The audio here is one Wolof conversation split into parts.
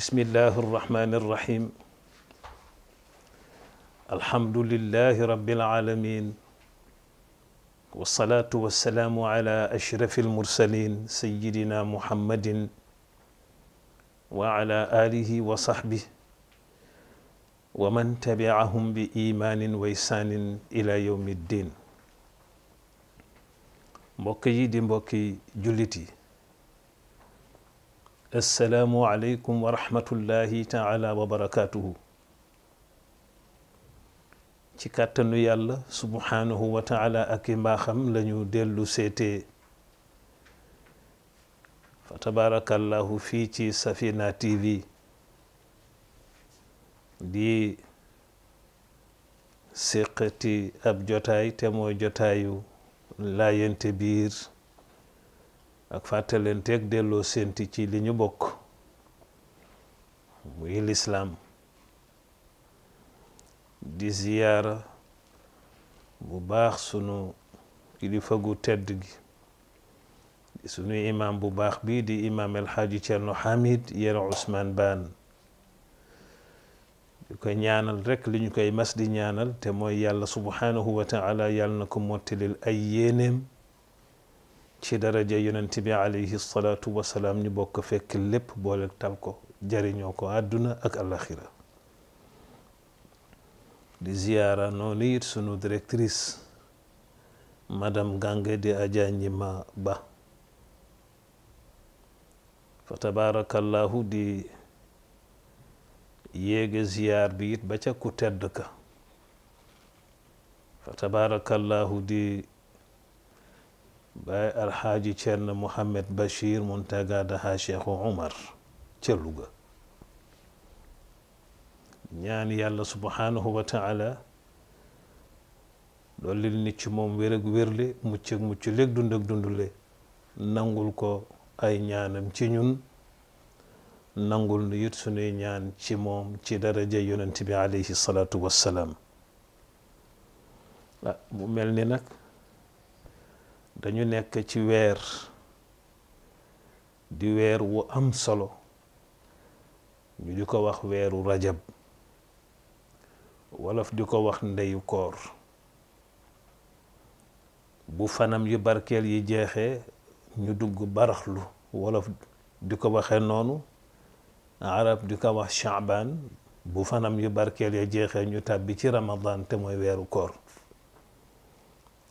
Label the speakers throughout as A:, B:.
A: بسم الله الرحمن الرحيم الحمد لله رب العالمين والصلاة والسلام على أشرف المرسلين سيدنا محمد وعلى آله وصحبه ومن تبعهم بإيمان ويسان إلى يوم الدين mbokk yi di mbokki jullit yi assalaamu aleykum wa rahmatullahi taala wa barakatuh ci katanu yàlla subhanahu wa taala ak mbaxam lañu delu seetee fa tabarakallahu fi ci Safina TV di séqati ab jotaay te mooy jotaayu laayante biir ak fàttalenteeg delloo séenti ci li ñu bokk muy lislaam di ziyaara bu baax sunu kilifa gu tedd gi sunu imaam bu baax bii di imaam El Hadji Thierno Hamid yéen Ousmane ñu koy ñaanal rek li ñu koy mas di ñaanal te mooy yàlla subhanahu wa taala yàlla na ko mottalil ay yéeneem ci daraja yonent bi alayhi salaatu wasalaam ñu bokk fekk lépp boole tal ko jariñoo ko àdduna ak alaxira di ziyaara noonu it sunu directrice madame Gange di Adja Ba fa tabaarakallahu di yéege ziyaar bi it ba ca ku tedd ka tabarakallahu di baay alxaaji Thierno Mouhamed Bachir Muntaga daha Cheikhu Umar ca Louga ñaan yàlla subhanahu wa taala dollil nit ci moom wér ak wérle mucc ak mucc léeg nangul ko ay ñaanam ci ñun nangul nu it sunuy ñaan ci moom ci daraja yonent bi alayhi salaatu wassalaam ah, mu mel ni nag dañu nekk ci weer di weer wu am solo ñu di ko wax weeru rajab wolof di ko wax ndeyu koor bu fanam yu barkeel yi jeexee ñu dugg baraxlu wolof di ko waxee noonu arab di ko wax chaban bu fanam yu barkeel ya jeexee ñu tàbbi ci ramadan te mooy weeru koor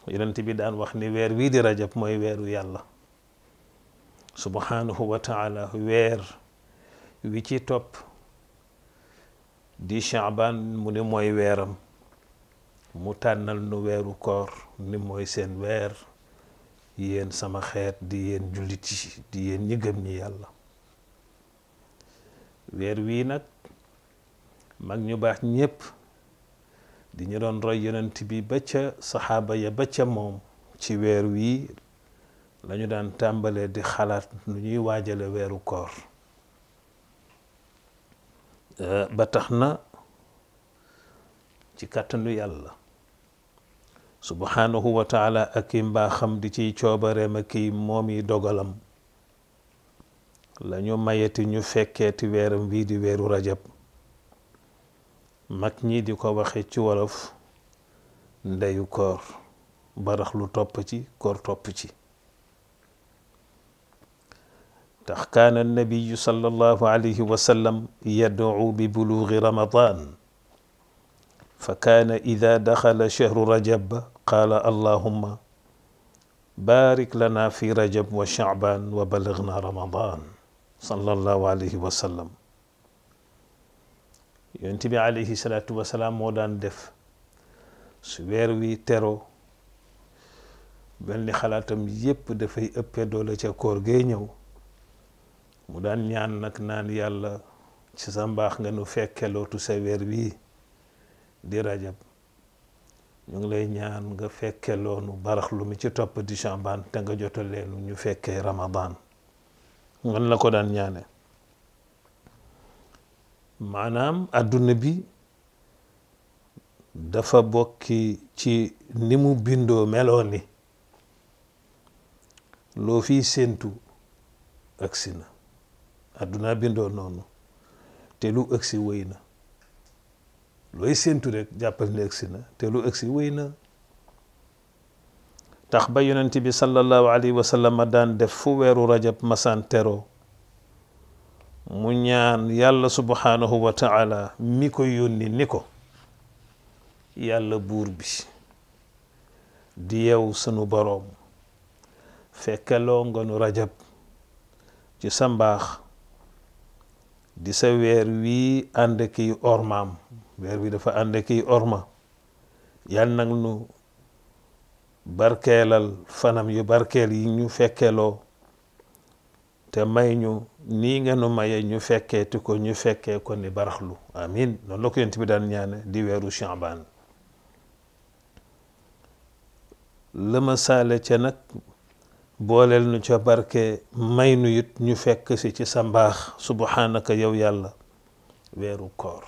A: yonent bi daan wax ni weer wii di rajab mooy weeru yàlla subhanahu wa taala weer wi ci topp di chaban mu ne mooy weeram mu tànnal nu weeru koor ni mooy seen weer yéen sama xeet di yéen jullit yi di yéen ñi gëm ñi yàlla weer wii nag mag ñu baax ñépp di ñu doon roy yonent bi ba ca saxaaba ya ba ca moom ci weer wii lañu daan tàmbalee di xalaat nu ñuy waajale weeru koor eh, ba tax na ci kàttanu yàlla subhanahu wa taala ak i mbaaxam di ciy coobareem ak i moom yi dogalam lañu mayeti ñu fekkeeti weeram bii di weeru rajab mag ñi di ko waxe ci wolof ndeyu koor barax lu topp ci koor topp ci tax kaan annabiyu sallallahu alayhi wa sallam yadcu bi buluugi ramadan fa kaana ida daxala chahru rajab qaala allahumma بارك لنا في رجب وشعبان وبلغنا رمضان صلى الله عليه وسلم ينتبه عليه الصلاة والسلام مودان دف سويروي ترو بل خلاتم يب دفي أبي دولة كور جينيو مودان نيان نكنان يالا تسام باخ نغنو فيك كلو تسويروي دي راجب نغ لي نيان نغ فيك كلو نو بارخ لومي تي توب دي شامبان تنغ جوتو لينو نو فيك رمضان man la ko daan ñaane maanaam àdduna bi dafa bokki ci ni mu bindoo meloo ni loo fiy séentu agsi na àdduna bindoo noonu te lu agsi wëy na looy séentu rek jàppal ne si na te lu agsi wëy na tax ba yonent bi sallallahu alayhi wa sallam daan def fu weeru rajab masaan tero mu ñaan yàlla subhanahu wa taala mi ko yónni ni ko yàlla buur bi di yow sunu boroom fekkeloo nga nu rajab ci sa mbaax di sa weer wii ànd kiy ormaam weer wi dafa ànd kiy orma yàlla nag nu barkeelal fanam yu barkeel yi ñu fekkeloo te may ñu nii nga nu ñu fekkeeti ko ñu fekkee ko ni baraxlu amin noonu la ko yent bi daan ñaane di weeru Shaaban lëma ma saale ca nag booleel nu ca barke may nu ñu fekk si ci sa mbaax subhaanaka yow yàlla weeru koor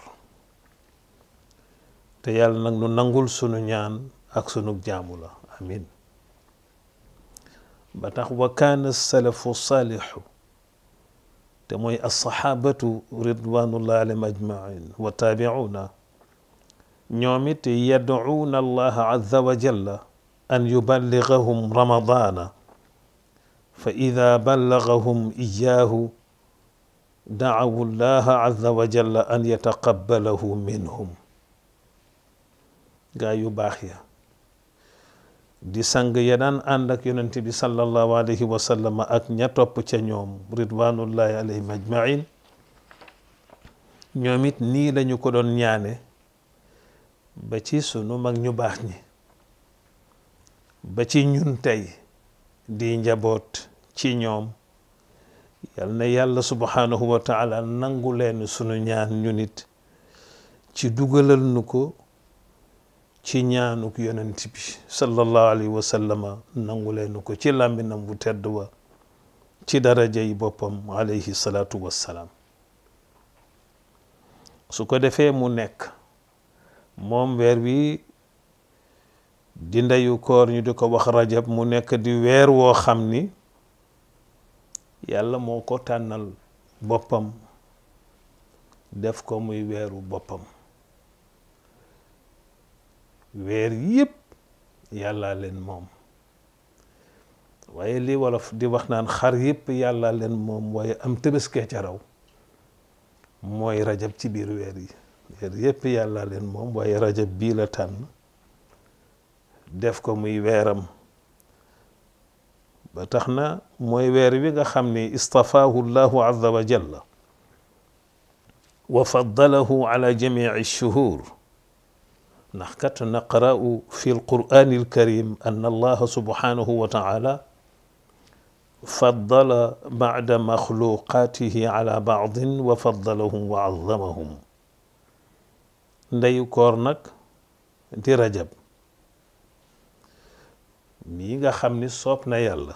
A: te yàlla nag nu nangul sunu ñaan ak sunu jaamu la امين باتخ وكان السلف الصالح تموي الصحابة رضوان الله عليهم أجمعين وتابعونا نعمت يدعون الله عز وجل أن يبلغهم رمضان فإذا بلغهم إياه دعوا الله عز وجل أن يتقبله منهم قايو باخيه di sang ya daan ànd ak yonent bi sallallahu alayhi wa ak ña topp ca ñoom ridwanullahi alayhim ajmain ñoom nii lañu ko doon ñaane ba ci sunu mag ñu baax ñi ba ci ñun tey di njaboot ci ñoom yal na yàlla subhanahu wa nangu leen sunu ñaan ñu ci dugalal nu ko ci ñaanuk yonent bi sallallahu alayhi wa sallama nangu leenu ko ci làmbinam bu tedd wa ci daraja yi boppam alayhi salaatu wassalaam su ko defee mu nekk moom weer wi di ndeyu koor ñu di ko wax rajab mu nekk di weer woo xam ni yàlla moo ko tànnal boppam def ko muy weeru boppam weer yep yalla len mom waye li wolof di wax nan xar yep yalla len mom waye am tebeske ci raw moy rajab ci bir weer yi weer yep yalla len mom waye rajab bi la tan def ko muy weeram ba taxna moy mooy weer wi nga xamni istafahu istafaahu llahu azza wa jalla وفضله على جميع الشهور نحكت نقرأ في القرآن الكريم أن الله سبحانه وتعالى فضل بعد مخلوقاته على بعض وفضلهم وعظمهم ndeyu koor nag di rajab mii nga xam ni soob na yàlla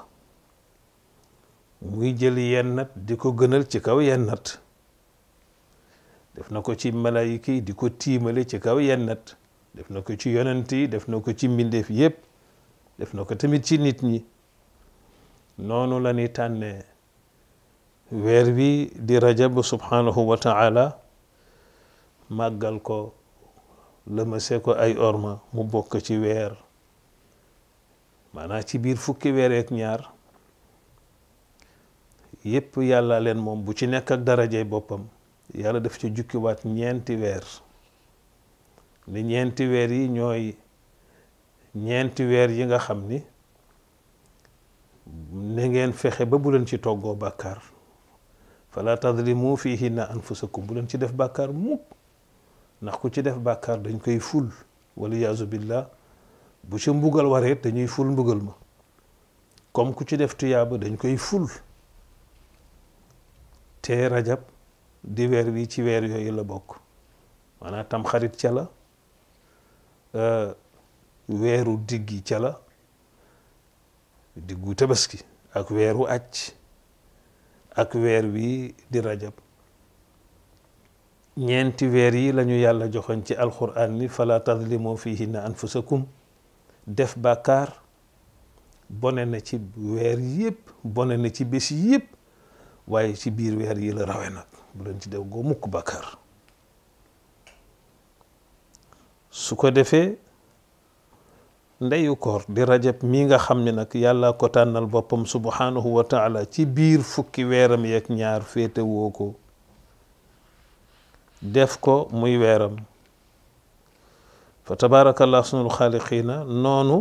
A: muy jël yennat di ko gënal ci kaw yennat def na ko ci malaayika yi di ko tiimale ci kaw yennat def na ko ci yonent yi def na ko ci mbindéef yépp def na ko tamit ci nit ñi noonu la ñuy tànnee weer wi di rajab subhanahu wa taala màggal ko lëmase ko ay orma mu bokk ci weer maanaam ci biir fukki weer ak ñaar yépp yàlla leen moom bu ci nekk ak darajey boppam yàlla def ci jukkiwaat ñeenti weer ni ñeenti weer yi ñooy ñeenti weer yi nga xam ni na ngeen fexe ba bu leen ci toggoo bàkkaar fala tadlimu fihinna anfusakum bu leen ci def bàkkaar mukk ndax ku ci def bàkkaar dañ koy ful waliyaasu billah bu ci mbugal wareet dañuy ful mbugal ma comme ku ci def tuyaaba dañ koy ful te rajab di weer wi ci weer yooyu la bokk maanaam tam xarit ca la Eh, weeru diggi cala diggu tabaski ak weeru acc ak weer wi di rajab ñeenti weer yi lañu yàlla joxoñ ci alquran ni fala tadlimu fihinna anfusakum def bàkkaar bone na ci weer yëpp bone na ci bés yëpp waaye ci biir weer yi la rawe nag bu leen ci def goo mukk bàkkaar su ko defee ndeyu koor di rajab mi nga xam ne yàlla ko tànnal boppam subhanahu wa taala ci biir fukki weeram yeeg ñaar féete woo ko def ko muy weeram fa tabaarakallah sunul xaaliqiina noonu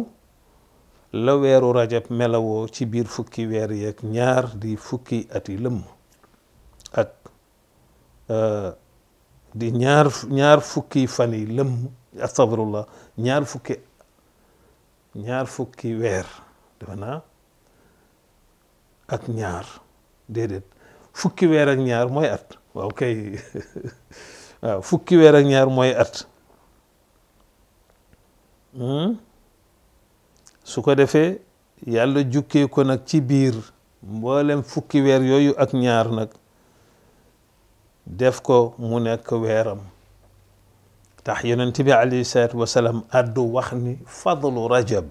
A: la weeru rajab melawoo ci biir fukki weer yeeg ñaar di fukki at yi lëmm ak di ñaar ñaar fukki fan yi astafirullah ñaar fukki ñaar fukki weer defe naa ak ñaar déedéet fukki weer ak ñaar mooy at waaw kay waaw fukki weer ak ñaar mooy at su ko defee yàlla jukkee ko nag ci biir mboolem fukki weer yooyu ak ñaar nag def ko mu nekk weeram تاخ يونت بي علي سات ادو وخني فضل رجب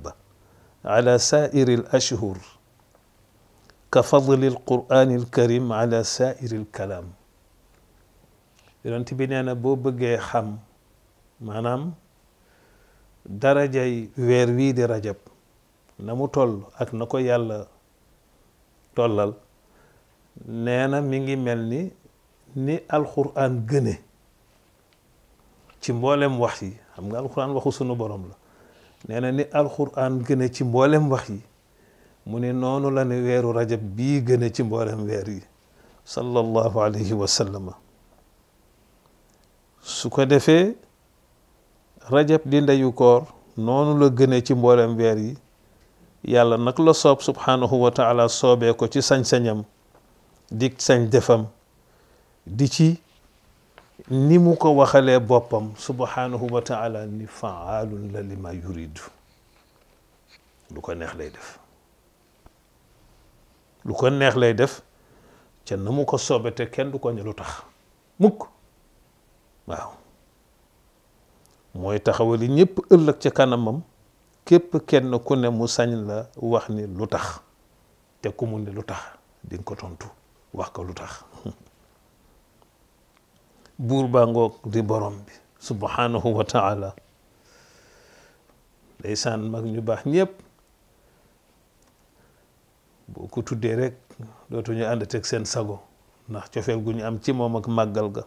A: على سائر الاشهر كفضل القران الكريم على سائر الكلام يونت بي نانا بو بغي خام مانام درجه وير دي رجب نمو تول اك نكو يالا تولال نانا ميغي ملني ني القران غني ci mboolem wax yi xam nga alxuraan waxu sunu borom la nee na ni alxuraan gëne ci mboolem wax yi mu ne noonu la ne weeru rajab bii gëne ci mboolem weer yi sallallahu alayhi wa sallama su ko defee rajab di ndeyu koor noonu la gëne ci mboolem weer yi yàlla nag la soob subhaanahu wa taala soobee ko ci sañ-sañam di sañ defam di ci ni mu ko waxalee boppam subhanahu wa taala ni faalun la lima yuridu lu ko neex lay def lu ko neex lay def ca na mu ko soobee te kenn du ko ñu lu tax mukk waaw mooy taxawali ñépp ëllëg ca kanamam képp kenn ku ne mu sañ la wax ni lu tax te ku mu ne lu tax di nga wax ko lu tax buur baa ngoog di borom bi subhanahu wa taala ndeysaan mag ñu baax ñëpp boo ko tuddee rek dootuñu ànd teg seen sago ndax cofeel gu ñu am ci moom ak màggal ga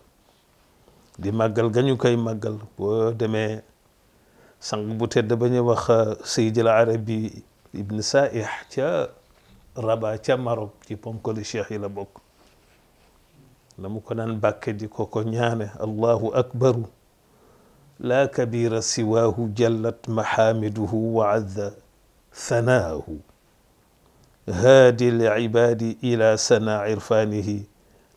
A: di màggal ga ñu koy màggal boo demee sang bu tedd ba ñu wax uh, sayyidil arabi ibn saih ca Rabat ca Maroc ci ponkoli cheikh yi la bokk lamu konan bakke di الله أكبر لا كبير سواه جلت محامده وعذ ثناه هادي العباد إلى سنا عرفانه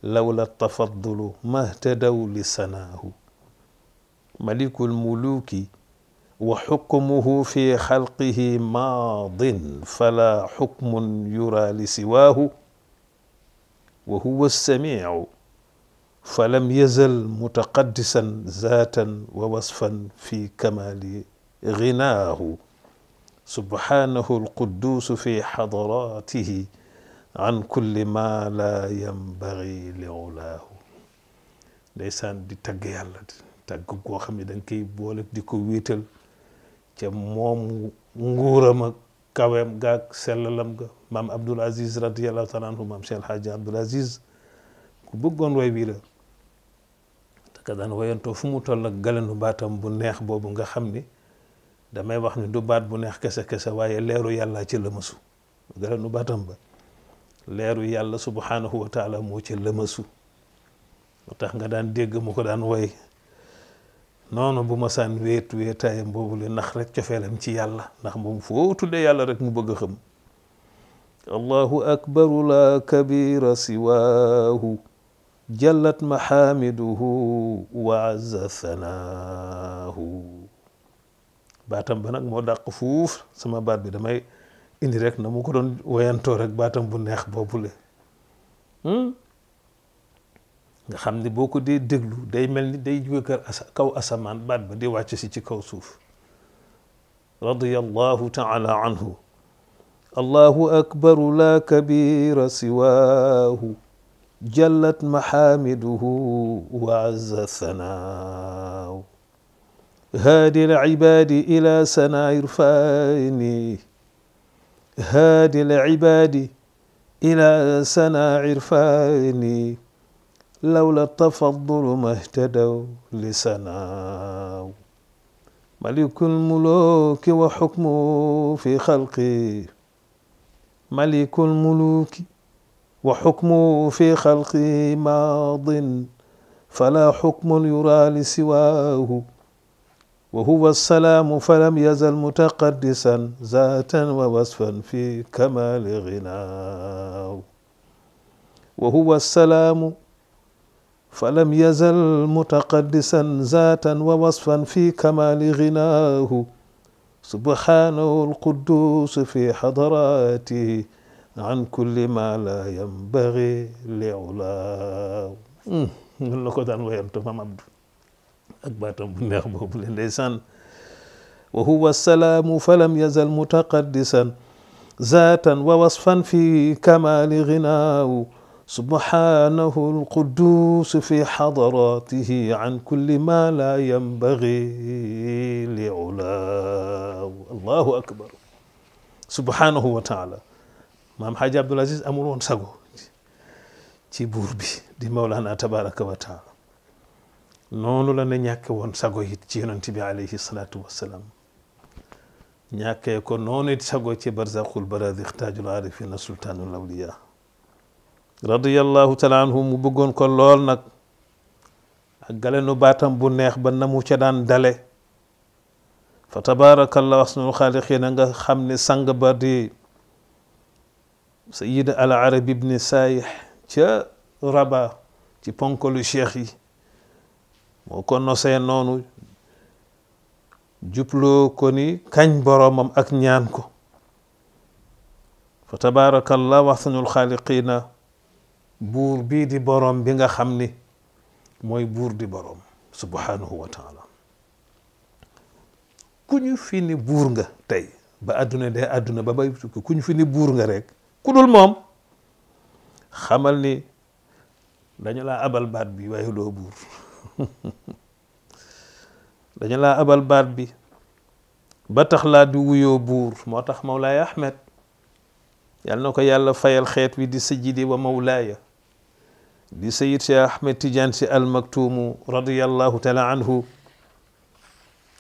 A: لولا التفضل ما اهتدوا لسناه ملك الملوك وحكمه في خلقه ماض فلا حكم يرى لسواه وهو السميع falam yazal mutaqaddisan zaatan wa wasfan fi kamali غناه سبحانه القدوس في حضراته عن كل ما لا ينبغي لعلاه ndeysaan di tagg yàlla tagg goo xam ne danga koy boole di ko wéetal ca moom nguuram ak kaweem gaag sellalam ga maam Abdul Aziz radiyallahu taala anhu maam Cheikh El Hadj Abdul Aziz ku bëggoon way wii la ka وينتو فمو fu mu باتم ak galanu baatam nga xam damay wax ni du baat bu neex kessa kessa waaye leeru yàlla ci lëmasu galanu baatam ba leeru yàlla subhanahu wa taala moo ci lëmasu moo tax nga daan dégg mu ko daan woy noonu bu ma saan wéet wéetaayam boobu li nax rek cofeelam ci yàlla ndax moom foo tudde yàlla rek mu bëgg xam allahu akbaru la kabira siwaahu جلت محامده وعز ثناه baatam ba nag moo dàq fuuf sama baat bi damay indi rek na mu ko doon woyantoo rek baatam bu neex boobule nga xam ne boo ko dee déglu day mel ni day jóge kër kaw asamaan baat ba di wàcc si ci kaw suuf radiyallahu taala anhu allahu akbaru la kabira siwaahu جلت محامده وعز الثناء هادي العباد إلى سنا عرفاني هادي العباد إلى سنا عرفاني لولا التفضل ما اهتدوا لسناو ملك الملوك وحكمه في خلقه ملك الملوك وحكمه في خلقه ماض فلا حكم يرى لسواه وهو السلام فلم يزل متقدسا ذاتا ووصفا في كمال غناه وهو السلام فلم يزل متقدسا ذاتا ووصفا في كمال غناه سبحانه القدوس في حضراته عن كل ما لا ينبغي لعلاه نقول la ko وين تفهم عبد mam abdu ak baatam bu السلام فلم يزل متقدسا ذاتا ووصفا في كمال غناه سبحانه القدوس في حضراته عن كل ما لا ينبغي لعلاه الله أكبر سبحانه وتعالى maam Hadj Abdoul Aziz amul woon sago ci buur bi di Mawlana tabaraka wa noonu la ne ñàkke woon sago it ci yonent bi alayhi salaatu wassalaam ñàkkee ko noonu it sago ci barzaqul baradix taajul arifina sultaanul awliya radiallahu taala anhu mu bëggoon ko lool nag ak galenu baatam bu neex ba na mu ca daan dale fa tabaraka allah asnul xaaliqina nga xam ne sang ba di سيد العرب ابن سايح تا ربا تي بونكو لو شيخي موكو نوسي نونو جوبلو كوني كان بوروم اكنيانكو فتبارك الله وحسن الخالقين بور بي دي بوروم بيغا خامني موي بور دي بوروم سبحانه وتعالى كوني فيني بورغا تاي با ادونا دي ادونا با باي كوني فيني بورغا ريك ku dul moom xamal ni dañu laa abal baat bi waaye doo buur dañu laa abal baat bi ba tax laa di wuyoo buur moo tax mawlaay ahmed yàlla na ko yàlla fayal xeet wi di sajidi wa mawlaaya di sayid si ahmed tijaan si almaktuumu radiallahu taala anhu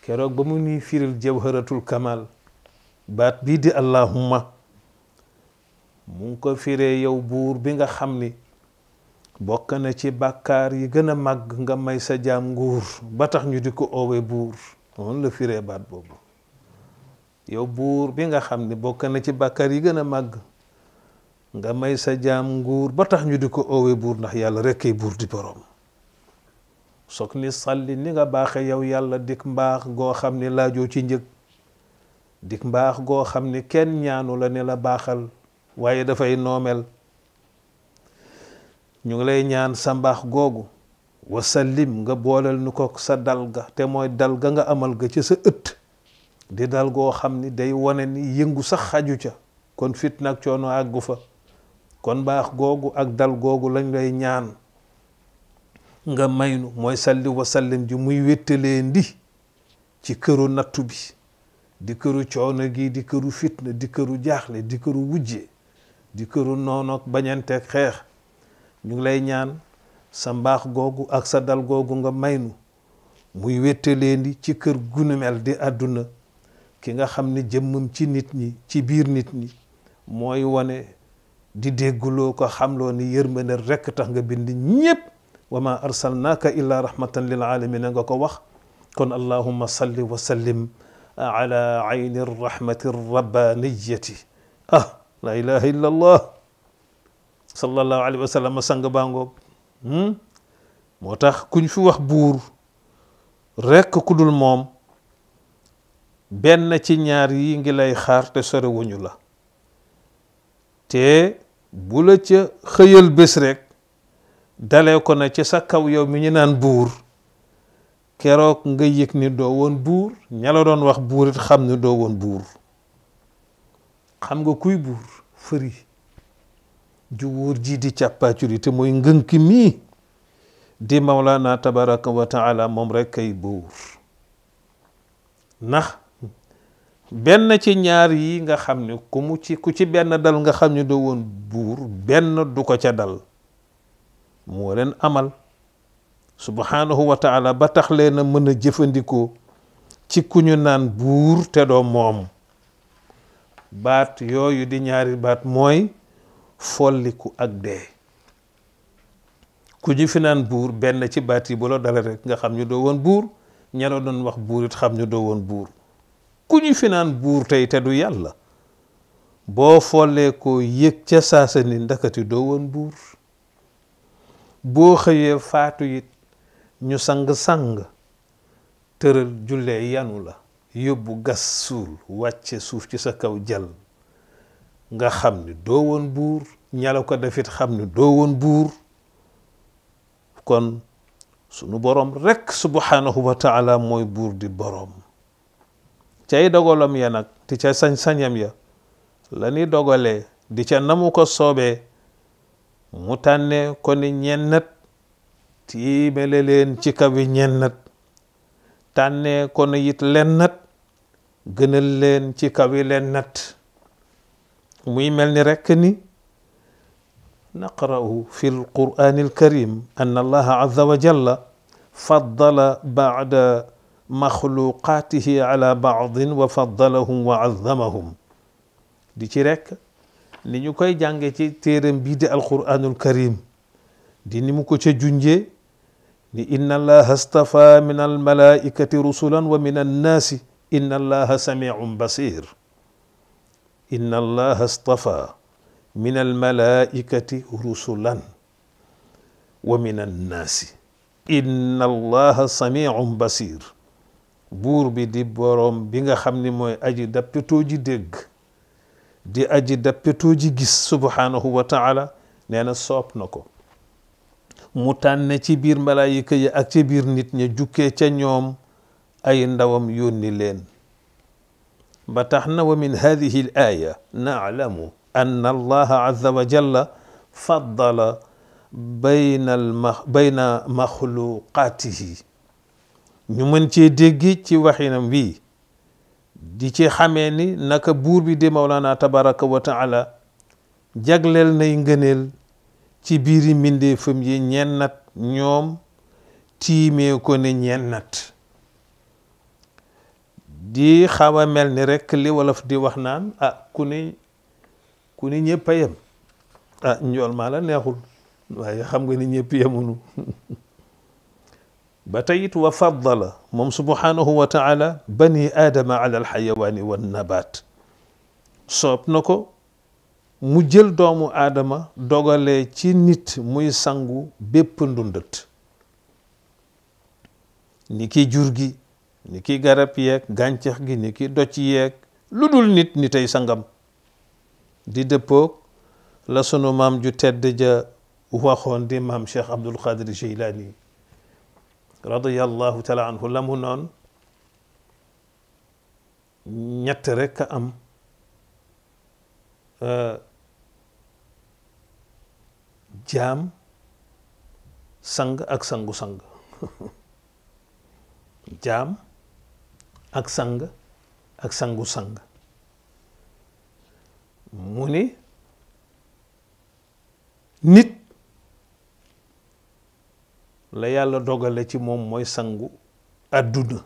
A: keroog ba mu nuy firil jawharatul kamal baat bii di allahumma mu ngi ko firee yow buur bi nga xam ni bokk na ci bàkkaar yi gën a màgg nga may sa jaam nguur ñu di ko oowee buur noonu la firee baat buur bi nga xam ni bokk na ci bàkkaar yi gën a màgg nga may sa jaam nguur ba tax ñu di ko oowee buur ndax yàlla rekkee buur di boroom soog ni sàlli ni nga baaxee yow yàlla dik mbaax goo xam ni laajoo ci njëg dik mbaax goo xam ni kenn ñaanu la ne la baaxal waaye dafay noomel ñu ngi lay ñaan sa mbaax googu wasallim nga booleel nu ko sa dal ga te mooy dal ga nga amal ga ca sa ëtt di dal goo xam ni day wane ni yëngu sax xaju ca kon fitna ak coono àggu fa kon baax googu ak dal googu lañ lay ñaan nga maynu mooy salli wasallim ji muy wéttalee ndi ci këru nattu bi di këru coono gi di këru fitna di këru jaaxle di këru wujje di këru noonook bañanteeg xeex ñu ngi lay ñaan sa mbaax googu ak sa dal googu nga may nu muy wéttaleen di ci kër gunumel di àdduna ki nga xam ni jëmmam ci nit ñi ci biir nit ñi mooy wane di dégguloo ko xamloo ni yërmande rekk tax nga bind ñépp wa ma arsalnaaka illaa rahmatan lil nga ko wax kon allahumma salli wa sallim ala ayni rahmati rabbaniyati ah, لا إله إلا الله صلى الله عليه وسلم سانغ بانغوب موتاخ كون في واخ بور ريك كودول موم بن تي نيار ييغي لاي خار تي سوري وونيو لا تي بولا تي خيل بس ريك dalé ko na ci sa kaw yow mi ñu naan bour kérok nga yek ni do won bour ñala doon wax bourit xam ni xam nga kuy buur fëri ju wóor ji di càppaacuri te mooy ngënk mii di mawlaana tabaraka wa taala moom rek kay buur ndax benn ci ñaar yi nga xam ne ku mu ci ku ci benn dal nga xam ne doo woon buur benn du ko ca dal moo leen amal subhanahu wa taala ba tax leen a mën a jëfandikoo ci ku ñu naan buur te doo moom baat yooyu di ñaari baat mooy folliku ak dee ku ji fi buur benn ci baat yi bu la dale nga xam ñu doo woon buur ña doon wax buur it xam ñu doo woon buur ku ñu finaan buur tey te du yàlla boo follee ko yëg ca saasa ni ndakati doo woon buur boo xëyee faatu it ñu sang sang tëral jullee yanu la Yobu gas suul wàcce suuf ci sa kaw jal nga xam ni doo woon buur ñala ko defit xam doo woon kon sunu borom rek subhanahu wa taala mooy buur di borom cay dogalam ya nag di ca sañ-sañam ya la ni dogalee di ca namu ko soobee mu tànne ko ni ñennat tiimele leen ci kawi ñennat tànne ko ni it lennat gënal leen ci kaw yi leen natt muy mel rek ni نقرأ في القرآن الكريم أن الله عز وجل فضل بعد مخلوقاته على بعض وفضلهم وعظمهم دي تي ريك لي نيوكاي جانغي تي تيرم بي دي القرآن الكريم دي نيموكو تي جونجي ان الله اصطفى من الملائكه رسلا ومن الناس إن الله سميع بصير إن الله اصطفى من الملائكة رسلا ومن الناس إن الله سميع بصير buur bi di boroom bi nga xam ni mooy aji dappetoo ji dégg di aji dappetoo ji gis subhaanahu wa taala nee na soob na ko mu tànn ci biir malaayika yi ak ci biir nit ña jukkee ca ñoom ay ndawam yónni leen ba tax na wa min hadihi al aya naalamu anna allaha azza wa jalla faddala bayna alma bayna maxluqaatihi ñu mën cee dégg ci waxinam bii di ci xamee ni naka buur bi di mawlaana tabaraka wa taala jagleel nay ngëneel ci biiri mbindeefam yi ñennat ñoom tiimee ko ne ñennat di xawa a mel ni rek li wolof di wax naan ah ku ni ku ni ñëpp yam ah njool ma la neexul waaye xam nga ni ñëpp yamunu batayit wa faddala mom subhanahu wa taala bani adam ala al hayawan wa nabaat nabat sop nako mu jël doomu adama dogale ci nit muy sangu bépp ndundut niki jurgi gi ni ki garab yeeg gàncax gi ni ki doc yéeg lu dul nit ni sangam di dëppoog la sunu maam ju tedd ja waxoon di maam Cheikh Abdul Qadir Jilani radiyallahu taala la mu noon ñett rekk a am euh, jaam sang ak sangu sang jaam ak sang ak sangu sang nit la yalla dogale ci mom moy sangu aduna,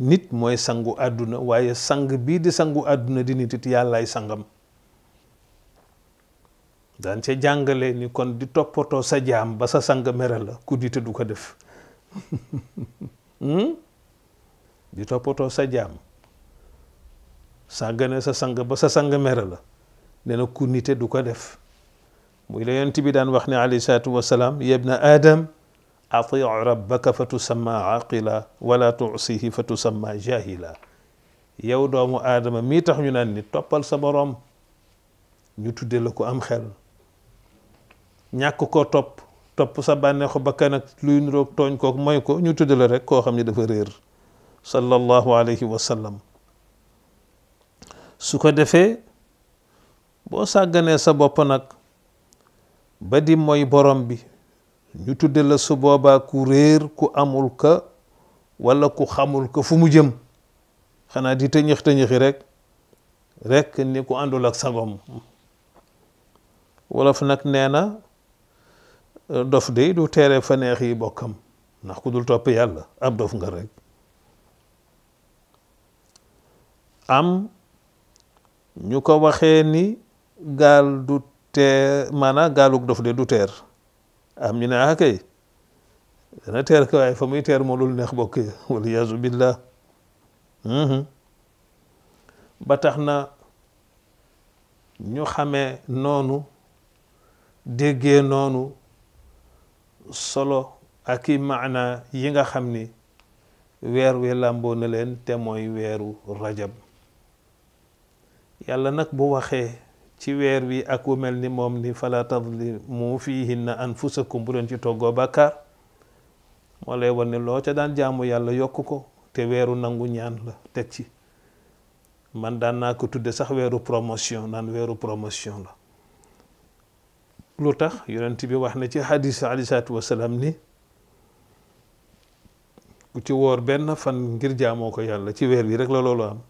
A: nit moy sangu aduna, waye sang bi di sangu aduna di nit yalla ay sangam dan ci jangale ni kon di topoto sa jam ba sa sang merela ku du ko def hmm? di topoto sa jam sàggane sa sang ba sa sang mere la nee na ku nite du ko def muy la yonent bi daan wax ne wa salam ya ibn adam atiu rabbaka fatusamma aqila wa la tusihi fatusamma jahila yow doomu aadama mi tax ñu nan ni topal sa borom ñu tudde la ko am xel ñak ko top top sa banexu bakkan ak luy niroog tooñ kook moy ko ñu tudde la rek koo xam ne dafa réer صلى الله عليه وسلم su ko defee boo sàgganee sa bopp nag ba di mooy ñu tudde la su boobaa ku réer ku amul ka wala ku xamul ka fu mu jëm xanaa di tëñëx tëñëxi rek rek ni ku àndul ak sagom wolof nag nee na dof de du teere fa yi bokkam ndax ku dul topp yàlla ab dof nga rek am ñu ko waxee ni gaal du teer maanaam gaalug dof de du teer am ñu ne ah kay dana teer ko fa muy teer moo lul neex bokk wala billah mhm. ba tax na ñu xamee noonu déggee noonu solo ak i maana yi nga xam ni weer wi làmboo na leen te mooy weeru rajab yàlla nag bu waxee ci weer wi ak wu mel ni moom ni fala tadlimu fihinna anfusakum bu leen ci toggoo bàkkaar moo lay wan ne loo ca daan jaamu yàlla yokk ko te weeru nangu ñaan la teg ci man daan naa ko tudde sax weeru promotion naan weeru promotion la lu tax yonent bi wax na ci hadis aleyhi salaatu wasalaam ni ku ci woor benn fan ngir jaamoo ko yàlla ci weer wi rek la loolu am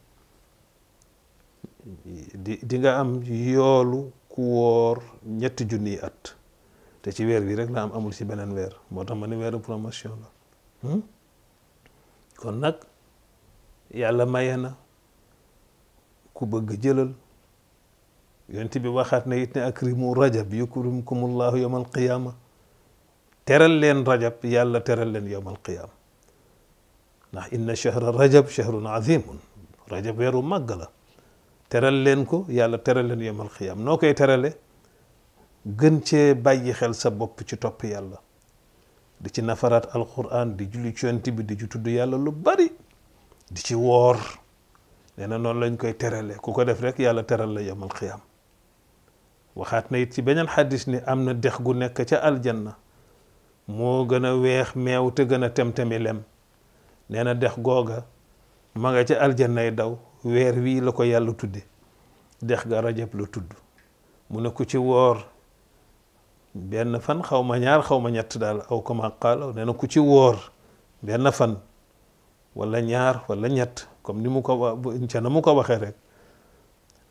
A: di di nga am yoolu ku woor ñetti junniy at te ci weer bi rek la am amul ci beneen weer moo tax ma ne weeru promotion la hmm? kon nag yàlla maye na ku bëgg jëlal yonent bi waxaat na it ne akrimu rajab yukrimkumullahu yawmal qiyaama teral leen rajab yàlla teral leen yawmal qiyaama ndax inna shahra rajab shahrun azimun rajab weeru màgg la teral leen ko yàlla teral leen yomal xiyaam noo koy terale gën cee bàyyi xel sa bopp ci topp yàlla di ci nafaraat alquran di julli di ci tudd yàlla lu bari di ci woor nee na noonu lañ koy terale ku ko def rek yàlla teral la yomal xiyaam waxaat na it ci beneen xadis ni am na dex gu nekk ca aljanna moo gën a weex meew te gën a tem-temi lem nee na dex googa ma nga ca aljanna daw weer wii la ko yàlla tudde dex ga rajab la tudd mu ne ku ci woor benn fan xaw ma ñaar xaw ma ñett daal aw kama qaala nee na ku ci woor benn fan walla ñaar wala ñett comme ni mu ko wa ca na mu ko waxee rek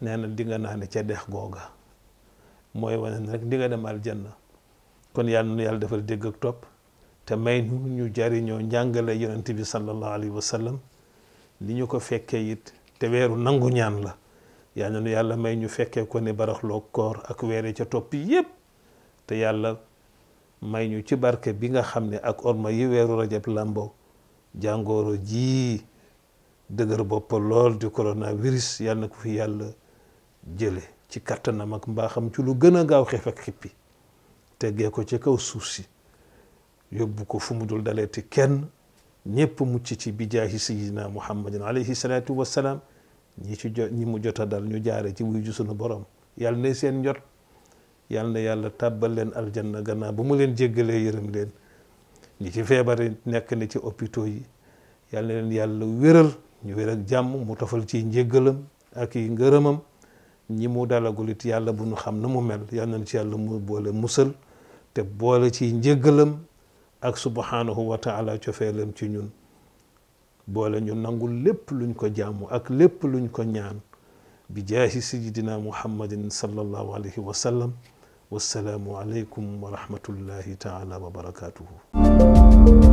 A: nee na di nga naane ca dex googa mooy wane rek di nga dem aljanna kon yàlla nu yàlla defal dégg ak topp te may nu ñu jariñoo njàngale yonent bi sallallahu alayhi li ñu ko fekkee it te weeru nangu ñaan la yaa yàlla may ñu fekkee ko ni baraxloo koor ak weere ca topp yépp te yàlla may ñu ci barke bi nga xam ne ak orma yi weeru rajab làmboo jàngooro jii dëgër boppa lool di coronavirus yàlla na ko fi yàlla jële ci kattanam mag mbaaxam ci lu gën a gaaw xef ak xippi teggee ko ci kaw suuf si yóbbu ko fu mu dul daleeti kenn ñépp mucc ci bijaahi sayyidina muhammadin alayhi salaatu wassalaam ñi ci jot ñi mu jot a dal ñu jaare ci wuy ju sunu borom yàlla na seen njot yàlla na yàlla tàbbal leen aljanna gannaaw bu mu leen jéggalee yërëm leen ñi ci feebari nekk na ci hôpitaux yi yàlla leen yàlla wéral ñu wér jàmm mu tofal ci njéggalam ak yi ngërëmam ñi mu dalagulit yàlla bu ñu xam na mu mel yal nañ ci yàlla mu boole musal te boole ci njéggalam ak subhanahu wa cofeelam ci ñun boole ñu nangul lépp luñ ko jaamu ak lépp luñ ko ñaan bi jaahi sayidina muhammadin sallallahu alayhi wa sallam wassalaamu alaykum wa rahmatullahi taala wa barakatuhu